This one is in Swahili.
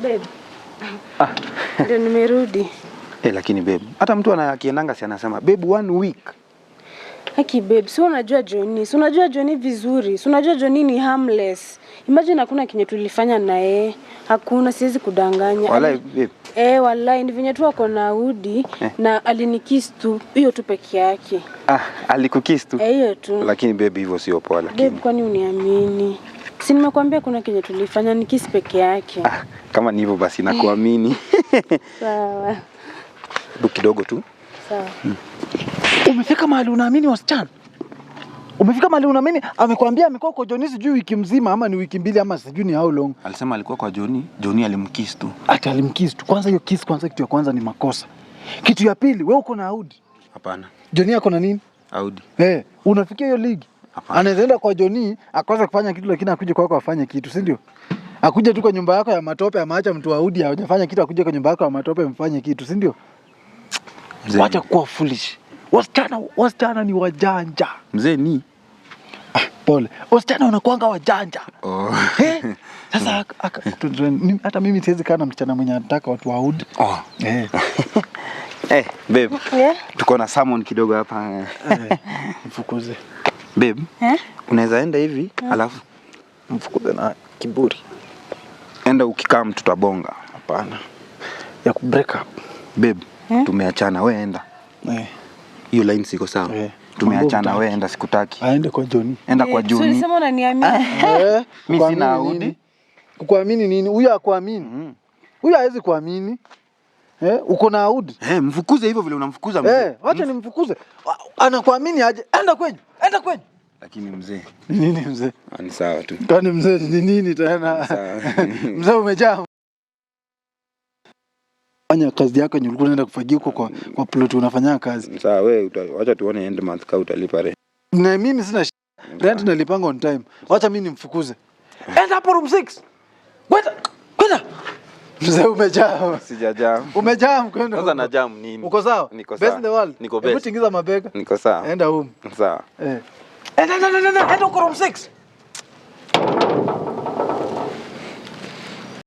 Beb. Ah. Ndio nimerudi. Eh, lakini beb, hata mtu anakiendanga si anasema beb one week Haki babe, si unajua Johnny, si unajua Johnny vizuri, si unajua Johnny ni harmless. Imagine hakuna kinye tulifanya na yeye. Hakuna, siwezi kudanganya. Wallahi babe. Eh, wallahi ni venye tu ako na Audi eh. na alinikiss tu hiyo tu peke yake. Ah, alikukiss tu. Eh, hiyo tu. Lakini babe hivyo sio poa lakini. Babe, kwani uniamini? Si nimekuambia kuna kinye tulifanya ni kiss peke yake. Ah, kama ni hivyo basi nakuamini. Sawa. kidogo tu. Sawa. Hmm. Umefika mahali unaamini wasichana? Umefika mahali unaamini amekwambia amekuwa kwa Joni sijui wiki mzima ama ni wiki mbili ama sijui ni how long. Alisema alikuwa kwa Joni, Joni alimkiss tu. Ati alimkiss tu. Kwanza hiyo kiss kwanza kitu ya kwanza ni makosa. Kitu ya pili, wewe uko na Audi? Hapana. Joni yako na nini? Audi. Eh, hey, unafikia hiyo league? Hapana. Anaenda kwa Joni, akaanza kufanya kitu lakini akuje kwako afanye kitu, si ndio? Akuja tu kwa nyumba yako ya matope, amaacha mtu wa Audi hajafanya kitu, akuja kwa nyumba yako ya matope mfanye kitu, si ndio? Wacha kuwa foolish. Wasichana, wasichana ni wajanja mzee, ni ah, pole. Wasichana wanakuanga wajanja oh. sasa hata mimi siwezi kaa na msichana mwenye anataka watu waudi oh. Hey. Hey, eh, babe. Yeah. Tuko na salmon kidogo hapa eh, mfukuze babe eh? Unaweza enda hivi yeah. Alafu mfukuze na kiburi, enda ukikaa mtu tabonga. Hapana ya break up babe eh? Tumeachana, we enda eh hiyo line siko sawa yeah. Tumeachana, wewe enda, sikutaki. Aende kwa Joni, enda kwa Joni. Sio sema unaniamini eh, mimi eh, eh, sina audi. Kuamini nini? Huyu akuamini, mm-hmm. Huyu hawezi kuamini. Eh, uko na audi eh, mfukuze hivyo vile unamfukuza mzee eh, acha nimfukuze. Anakuamini aje? Enda kwenye, enda kwenye. Lakini mzee nini? Mzee ah, ni sawa tu, kwani mzee ni nini tena? Mzee umejaa fanya kazi yako yenye ulikuwa unaenda kufagia huko kwa, kwa plot unafanya kazi. Sawa wewe, acha tuone end month ka utalipa rent. Na mimi sina rent, nalipanga on time. Acha mimi nimfukuze, enda hapo room 6 kwenda kwenda Mzee umejaa. Sijajaa. Umejaa mkwenda. Sasa na jam nini? Uko sawa? Niko sawa. Best in the world. Niko best. Hebu tingiza mabega. Niko sawa. Enda home. Sawa. Eh. Enda enda enda enda enda uko room 6.